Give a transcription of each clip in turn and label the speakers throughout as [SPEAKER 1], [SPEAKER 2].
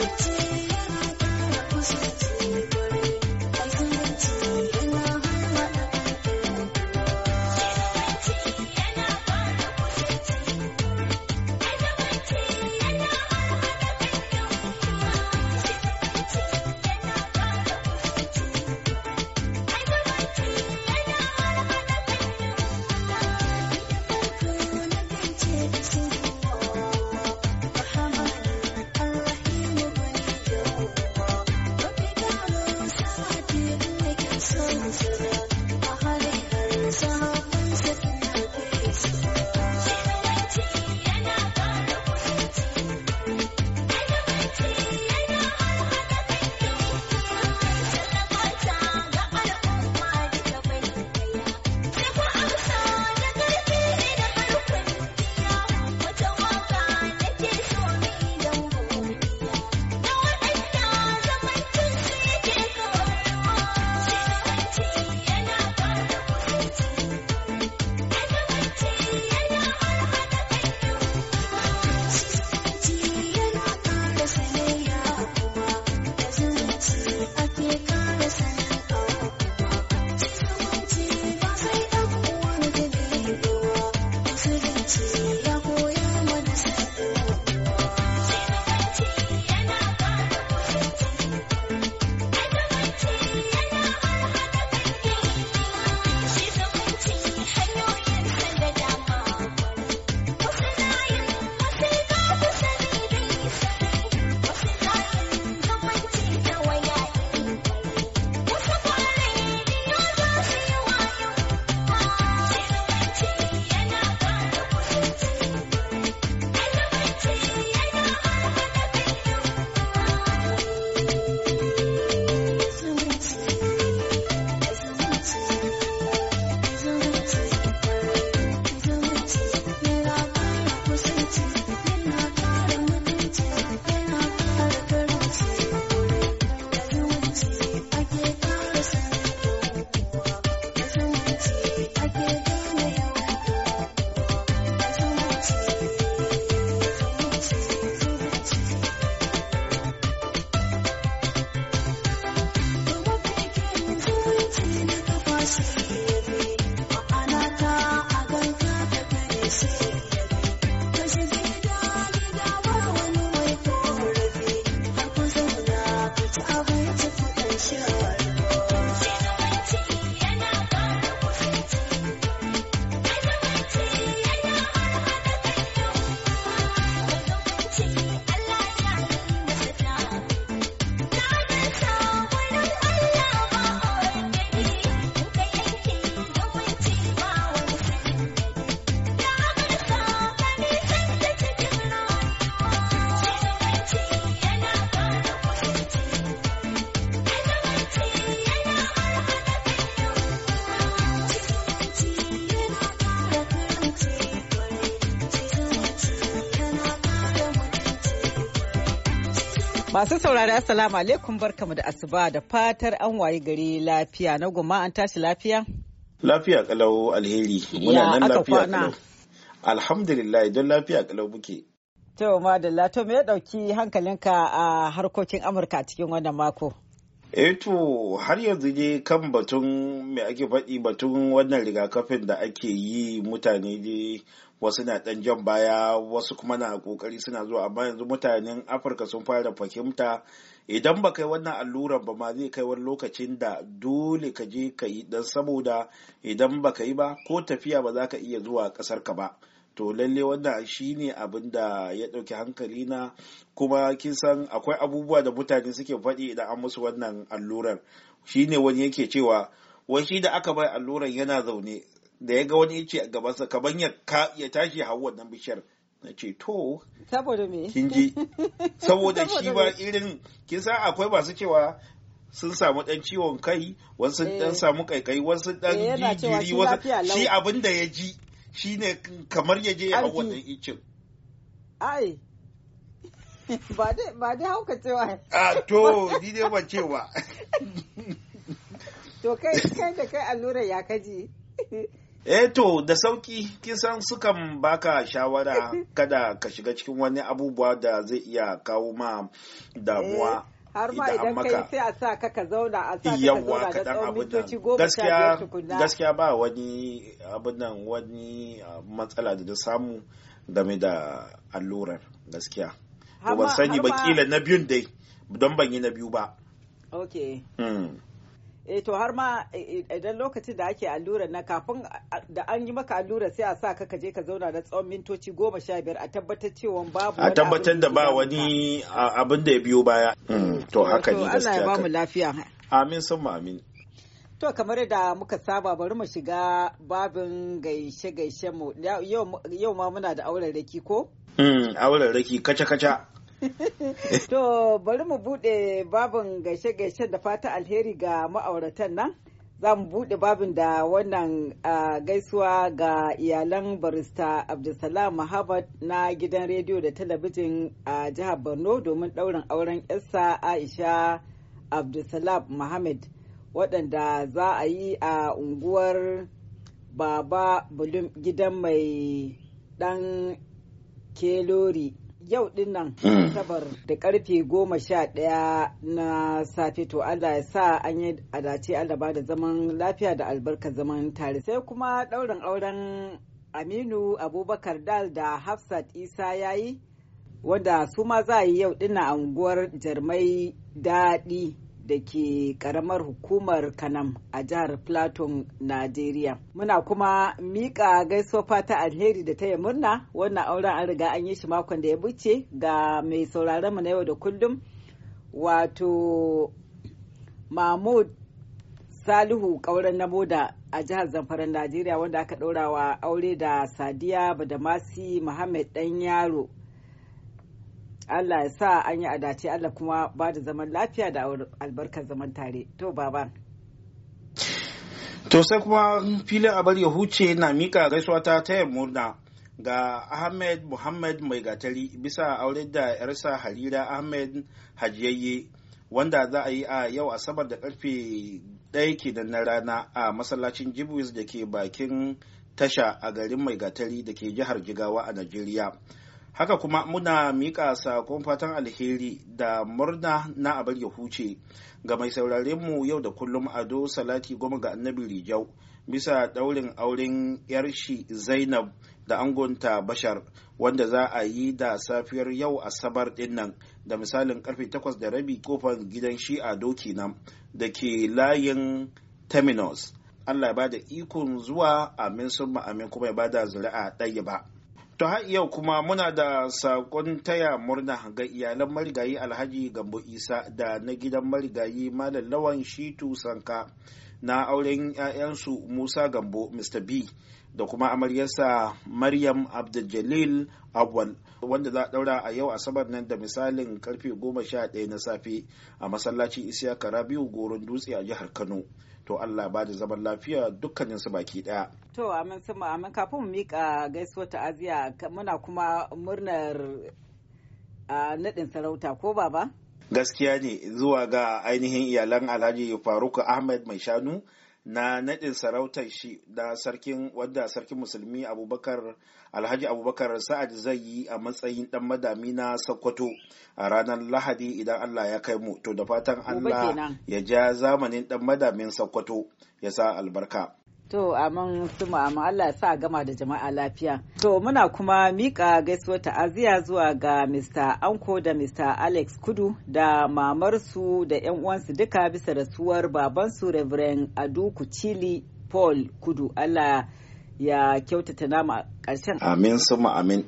[SPEAKER 1] Thank you.
[SPEAKER 2] Masu saurari Assalamu alaikum barkamu da asuba da fatar an wayi gari lafiya na goma an tashi lafiya?
[SPEAKER 3] Lafiya kalau alheri. Muna nan lafiya kalau. Alhamdulillah don lafiya kalau muke.
[SPEAKER 2] To madalla to me ya dauki hankalinka a harkokin Amurka cikin wannan mako?
[SPEAKER 3] Eh to har yanzu dai kan batun me ake faɗi batun wannan rigakafin da ake yi mutane dai wasu na ɗan jan baya wasu kuma na ƙoƙari suna zuwa amma yanzu mutanen afirka sun fara fahimta idan ba kai wannan alluran ba ma zai kai wani lokacin da dole ka je ka yi dan saboda idan ba ka yi ba ko tafiya ba za ka iya zuwa ƙasar ka ba to lalle wannan shine abin da ya ɗauki hankali na kuma kin san akwai abubuwa da mutane suke faɗi idan an musu wannan allurar shine wani yake cewa wani da aka bai alluran yana zaune da ya ga wani ce a gabansa kaban ya tashi hau wannan bishiyar na ce to
[SPEAKER 2] saboda me kin ji saboda shi ba
[SPEAKER 3] irin kin san akwai masu cewa sun samu dan ciwon kai wasu dan eh. samu kaikai wasu dan eh, jijiri wasu shi abin da ya ji shine kamar ya je ya hau wannan icin
[SPEAKER 2] ai ba dai hauka cewa
[SPEAKER 3] a to ni dai ban cewa
[SPEAKER 2] to kai kai da kai allurar ya kaji
[SPEAKER 3] eh to da sauki kisan sukan baka shawara kada ka shiga cikin wani abubuwa da zai iya kawo ma damuwa eh,
[SPEAKER 2] har ma idan kai sai a sa ka ka zauna a sa ka zauna da tsawon
[SPEAKER 3] mintoci goma gaskiya gaskiya ba wani abin nan wani ah, matsala da na samu game da allurar gaskiya
[SPEAKER 2] ban sani ba kila na
[SPEAKER 3] biyun dai don ban yi na biyu ba okay hmm.
[SPEAKER 2] eh to har ma eh, eh, idan lokacin da ake allura na kafin da an yi maka allura sai a sa ka kaje ka zauna na tsawon mintoci goma sha biyar a tabbatar cewa babu a tabbatar
[SPEAKER 3] da ba wani abin da ya biyo baya mm, to haka ne gaskiya Allah ya bamu lafiya amin sun amin
[SPEAKER 2] To kamar da muka saba bari mu shiga babin gaishe-gaishe mu yau ma muna da auren raki ko?
[SPEAKER 3] Mm, auren raki kaca-kaca.
[SPEAKER 2] To bari mu bude babin gaishe-gaishe da fata alheri ga ma'auratan nan. Za mu bude babin da wannan gaisuwa ga iyalan barista Abdulsalam Muhammad na gidan rediyo da talabijin a jihar Borno domin ɗaurin auren yarsa Aisha Abdulsalam Muhammad waɗanda za a yi a unguwar Baba Bulum gidan mai ɗan Kelori yau din nan hmm. sabar da karfe goma sha ɗaya na safe to Allah ya sa an yi adace Allah ba da zaman lafiya da albarka zaman tare sai kuma ɗaurin auren Aminu Abubakar Dal da Hafsat Isa yayi wanda su ma za a yi yau dinnan a unguwar Jarmai Daɗi da ke karamar hukumar kanam a jihar platon najeriya muna kuma mika gaisuwa fata alheri da taya murna wannan auren an riga an yi shi makon da ya buce ga mai sauraron mu na yau da kullum wato mahmud salihu kauran na moda a jihar zamfaran najeriya wanda aka daura wa aure da sadiya badamasi muhammad dan yaro Allah ya sa an yi adace Allah kuma ba da zaman lafiya da albarkar zaman tare to baba
[SPEAKER 3] to sai kuma filin abar ya huce na mika gaisuwa ta taya murna ga ahmed muhammad mai gatari bisa aure da yarsa harira ahmed hajiyayye wanda za a yi a yau asabar da karfe ɗaya da na rana a masallacin jibwis da ke bakin tasha a garin mai gatari da ke jihar jigawa a najeriya haka kuma muna mika sakon fatan alheri da murna na abar ya huce ga mai sauraren mu yau da kullum ado salati goma ga annabi rijau bisa daurin auren 'yarshi zainab da angonta bashar wanda za a yi da safiyar yau asabar din nan da misalin karfe 8 da rabi kofar gidan shi a doki nan da ke layin terminus allah ya bada ikon zuwa amin sun amin kuma ya bada zuri'a ɗaya ba To har yau kuma muna da sakon taya murna ga iyalan marigayi Alhaji Gambo Isa da na gidan marigayi Malam Lawan Shitu Sanka na auren 'ya'yansu Musa Gambo Mr. B da kuma amaryarsa maryam abdul abwal wanda za a daura a yau asabar nan da misalin karfe goma sha ɗaya na safe a masallacin isiya karabiu goron dutse a jihar kano to allah ba da zaman lafiya dukkanin su baki ɗaya
[SPEAKER 2] to amin sama amin kafin mu mika gaisuwar ta'aziya muna kuma murnar naɗin sarauta ko baba
[SPEAKER 3] gaskiya ne zuwa ga ainihin iyalan alhaji faruk ahmed mai shanu na naɗin sarautar shi da sarkin wadda sarkin musulmi abubakar alhaji abubakar sa'ad zai yi a matsayin dan madami na sokoto a ranar lahadi idan allah ya kai mu to da fatan allah ya ja zamanin dan madamin sokoto ya sa
[SPEAKER 2] albarka To amin suma amin Allah sa gama da jama'a lafiya. To muna kuma mika gaisuwar ta'aziyya zuwa ga Mr. Anko da Mr. Alex Kudu da mamarsu da 'yan uwansu duka bisa rasuwar babansu Reverend Adu Kuchili Paul Kudu. Allah ya kyautata nama ƙarshen.
[SPEAKER 3] Amin suma amin.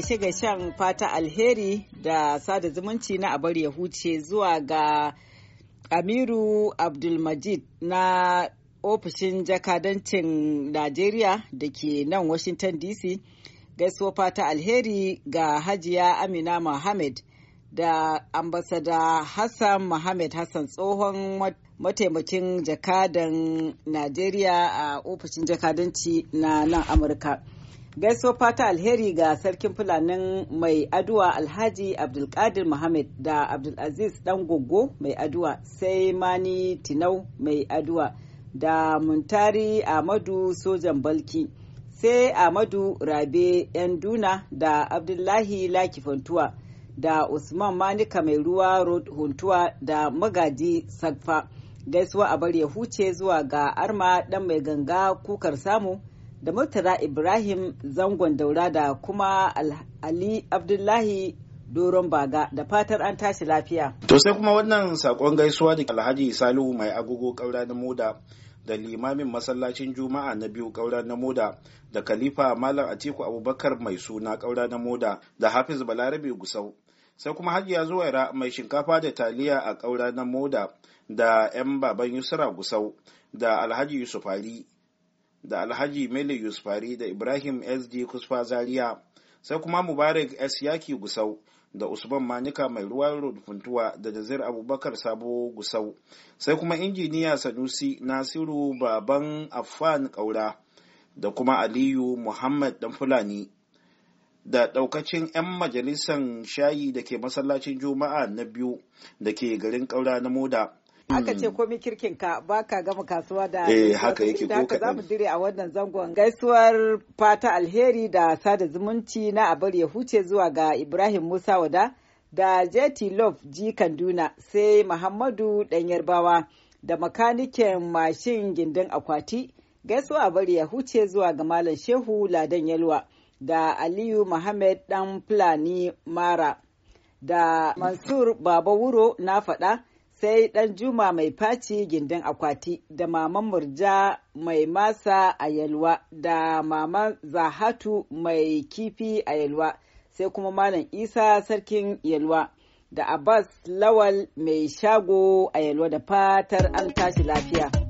[SPEAKER 2] gaishe-gaishen fata alheri da sada zumunci na abar ya huce zuwa ga Amiru Abdulmajid na ofishin jakadancin Najeriya da ke nan Washington DC gaisuwa fata alheri ga Hajiya Amina Mohammed da ambasada Hassan Mohammed Hassan tsohon mataimakin jakadan Najeriya a ofishin jakadanci na nan Amurka. gaiso fata alheri ga sarkin fulanin mai aduwa Alhaji Abdulkadir Muhammad da Abdulaziz Dan Goggo mai aduwa sai Mani Tinau mai aduwa da Muntari amadu Sojan Balki sai amadu Rabe ‘yan duna da Abdullahi Laki Fantuwa da Usman Manika mai ruwa Huntuwa da Magaji Sagfa. Gaisuwa a bari ya huce zuwa ga arma dan mai ganga kukar samu. da Murtala Ibrahim zangon daura da kuma Ali Abdullahi doron baga da fatar an tashi lafiya.
[SPEAKER 3] To sai kuma wannan sakon gaisuwa da Alhaji Salihu mai agogo kaura na moda da limamin masallacin juma'a na biyu kaura na moda da khalifa malam atiku abubakar mai suna kaura na moda da hafiz balarabe gusau sai kuma hajiya zuwaira mai shinkafa da taliya a kaura na moda da 'yan baban yusra gusau da alhaji yusuf ali da alhaji mele yusufari da ibrahim sd kusfa zaria sai kuma mubarak s yaki gusau da usman manika mai ruwan rufuntuwa da jazir abubakar sabo gusau sai kuma injiniya sanusi nasiru baban Afan kaura da kuma aliyu muhammad dan fulani da daukacin 'yan majalisan shayi da ke masallacin juma'a na biyu da ke garin kaura na moda
[SPEAKER 2] aka ce hmm. komi kirkin ka baka gama kasuwa da eh, haka yake ko dire a wannan zangon gaisuwar fata alheri da sada zumunci na abar ya huce zuwa ga Ibrahim Musa Wada da JT Love ji Kanduna sai Muhammadu Dan Yarbawa da makaniken mashin gindin akwati gaisuwa a bari ya huce zuwa ga Malam Shehu Ladan Yalwa da Aliyu Muhammad Dan Fulani Mara da Mansur Baba Wuro na faɗa sai ɗan juma mai faci gindin akwati da maman murja mai masa a yalwa da maman zahatu mai kifi a yalwa sai kuma malam isa sarkin yalwa da abbas lawal mai shago a yalwa da fatar an tashi lafiya.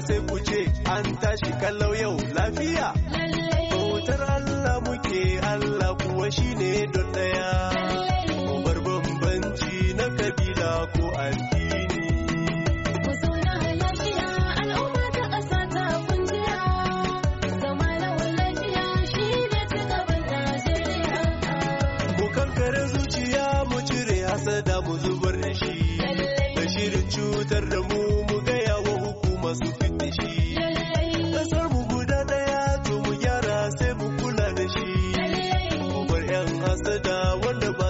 [SPEAKER 4] sai ku ce an tashi kallau yau lafiya. wanda ba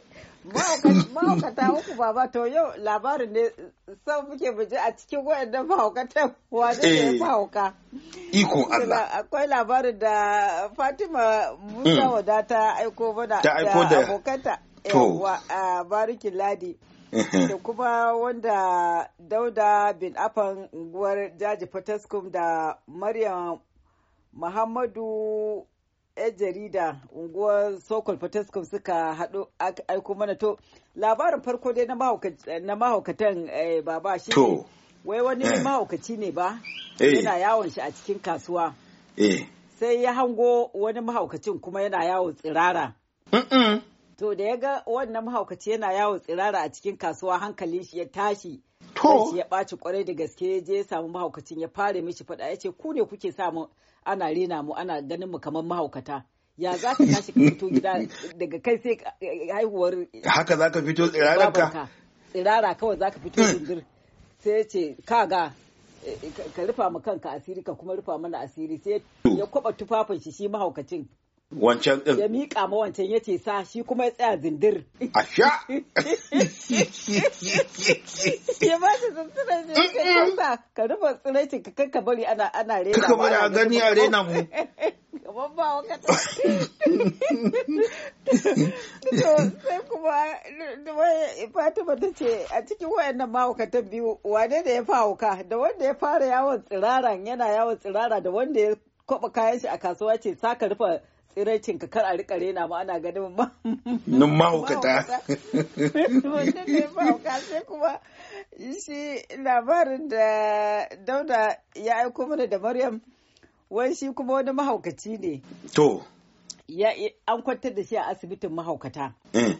[SPEAKER 2] mahaukata uku baba to yau labarin ne sau muke buje a cikin waɗannan mahaukatan wane ne eh. mahauka
[SPEAKER 4] Iko Allah
[SPEAKER 2] akwai labarin da Fatima Musa hmm. wada ta aiko mana da abokanta a barikin ladi da kuma wanda dauda bin afan unguwar jaji fataskum da maryam muhammadu 'yan jarida unguwar sokol potescom suka haɗo aiko mana to labarin farko dai na mahaukatan eh, baba shi ne wai wani eh. mahaukaci ne ba eh. yana yawon shi a cikin kasuwa sai ya hango wani mahaukacin kuma yana yawo tsirara to da ya ga wannan mahaukaci yana yawo tsirara a cikin kasuwa hankalin shi ya tashi to ya ɓaci kwarai da gaske ya je ya samu mahaukacin ya fara mishi faɗa ya ce ku ne kuke samu ana rena mu ana ganin mu kamar mahaukata ya za ka tashi ka fito gida daga kai sai haihuwar
[SPEAKER 3] haka za ka fito tsirararka
[SPEAKER 2] tsirara kawai za ka fito zindir sai ya ce kaga eh, ka rufa ma kanka asiri ka kuma rufa mana asiri sai ya kwaba tufafin shi shi mahaukacin wancan din ya miƙa ma wancan ya ce sa shi kuma ya tsaya zindir a sha ya ba shi zindirar shi ka ka rufe tsiraicin ka kanka bari ana ana rena ka bari a gani a rena mu kamar ba waka ta sai kuma fatima ta ce a cikin wayannan mahaukatan biyu wane da ya fi hauka da wanda ya fara yawon tsiraran yana yawon tsirara da wanda ya kwaba kayan shi a kasuwa ce ka rufe tsiraicin ka kar a rika rena ma ana ganin ma
[SPEAKER 1] nun mahaukata
[SPEAKER 2] wanda ne sai kuma shi labarin da dauda ya aiko mana da maryam wai shi kuma wani mahaukaci ne to ya an kwantar da shi a asibitin mahaukata mm.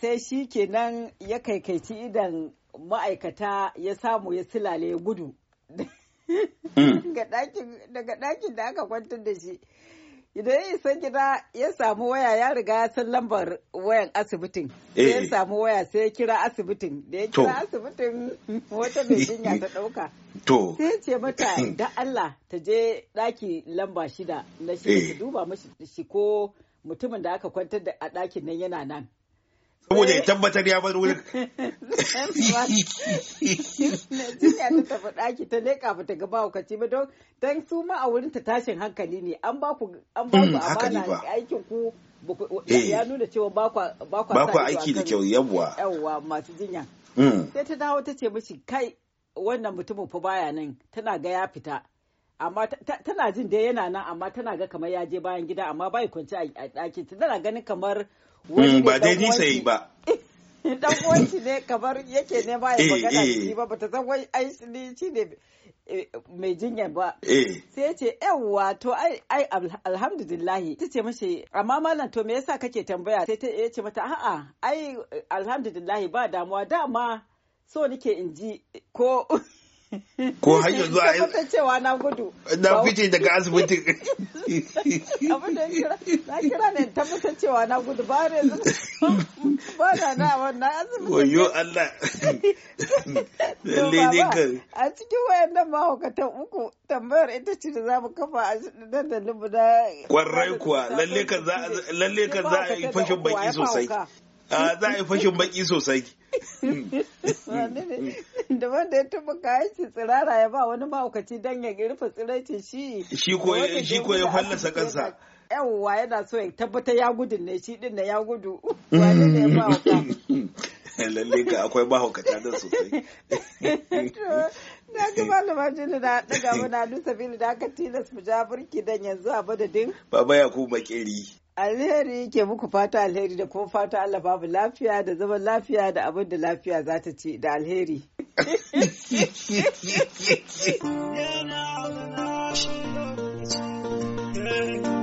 [SPEAKER 2] sai shi kenan ya kaikaici idan ma'aikata ya samu ya silale gudu mm. daga ɗakin da aka kwantar da shi Idan ya isa gida ya samu waya ya riga ya san lambar wayan asibitin. Sai ya eh. samu waya sai ya kira asibitin. Da ya kira asibitin wata mai jinya ta ɗauka.
[SPEAKER 3] To. Sai
[SPEAKER 2] ce mata da Allah ta je daki lamba shida na shi ta eh. duba mashi shi ko mutumin da aka kwantar da a ɗakin nan yana nan.
[SPEAKER 3] saboda ya tabbatar ya bar wurin
[SPEAKER 2] Najeriya ta tafi ɗaki ta leƙa ba ta ga ba kaci ba don dan su ma a wurin ta tashin hankali ne an ba ku an ba ku mm, amana aikin ku eh. ya nuna cewa ba ku ba ku aiki da kyau yawwa yawwa masu jinya mm. sai ta dawo ta ce mishi kai wannan mutumin fa baya nan tana ga ya fita amma tana jin dai yana nan amma tana ga kamar ya je bayan gida amma bai kwanci a ɗakin tana ganin kamar Mm, ba daidai sai ba dan uwanci ne kamar yake ne eh, eh. ba ya magana ba ta san wai ai shi ne eh, mai jinyar ba sai ce yawwa to ai alhamdulillahi ta ce mashi amma malam to me yasa kake tambaya sai ta ce mata a'a ai alhamdulillahi ba damuwa dama so nake in ji ko ko har yanzu a yi cewa na gudu na fice daga asibitin abin da na kira ne tabbatar cewa na gudu ba ne ba na na wannan asibitin
[SPEAKER 3] wayo Allah
[SPEAKER 2] lalle ne ka a cikin wayannan mahaukatan uku tambayar ita ce da zamu kafa a dandalin mu
[SPEAKER 3] kwarai kuwa lalle ka za lalle ka za a yi fashin baki sosai a ah, za a yi fashin baki sosai
[SPEAKER 2] da wanda ya taba kayan shi tsirara ya ba wani mahaukaci don ya girfa tsiraici shi shi ko ya fallasa kansa yawwa yana so ya tabbata ya gudun ne shi din na ya gudu
[SPEAKER 3] wani ne ya ba lalle ga akwai mahaukata da sosai.
[SPEAKER 2] Na ji malama jini na ɗaga mana Nusa Bili da aka tilas mu ja burki dan yanzu a madadin.
[SPEAKER 3] Baba Yakubu Makeri.
[SPEAKER 2] alheri ke muku fata alheri da kuma fata Allah babu lafiya da zaman lafiya da abin da lafiya za ta ce da alheri.
[SPEAKER 1] Yeah,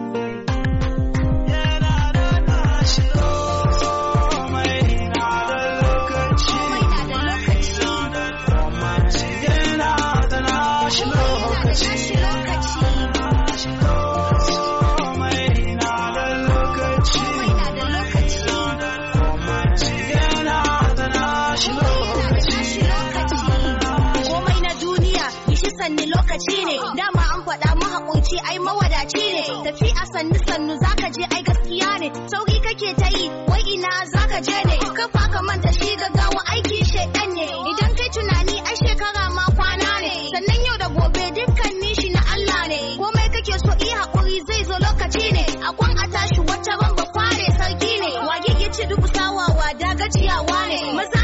[SPEAKER 5] sannu lokaci ne dama an faɗa mahaƙunci ai mawadaci ne tafi a sanni sannu zaka je ai gaskiya ne sauki kake ta yi wai ina zaka je ne kafa ka manta shi gaggawa aiki shedan ne idan kai tunani ai shekara ma kwana ne sannan yau da gobe dukkanin shi na Allah ne komai kake so yi haƙuri zai zo lokaci ne akwan a tashi wata ban ba kware sarki ne wage ya ce duk sawawa dagaciyawa ne maza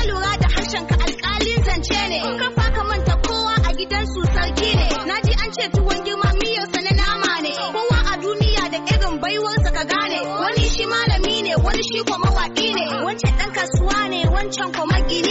[SPEAKER 5] ce tuwon girma miyarsa na nama ne kowa a duniya da irin baiwarsa ka gane wani shi malami ne wani shi kuma mawaƙi ne wancan ɗan kasuwa ne wancan kuma gini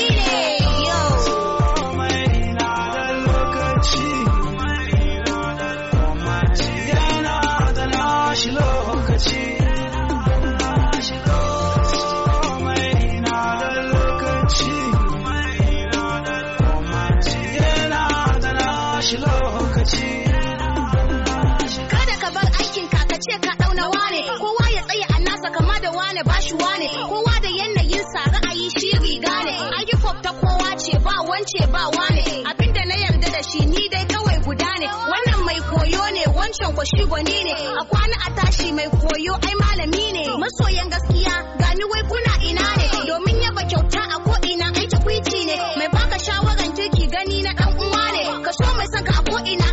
[SPEAKER 5] wuce ba wane da na yarda da shi ni dai kawai guda ne wannan mai koyo ne wancan ko gwani ne a kwana a tashi mai koyo ai malami ne masoyan gaskiya gani wai kuna ina ne domin yaba kyauta a ko ina ai tukwici ne mai baka shawaran kirki gani na dan uwa ne ka so mai saka a ko ina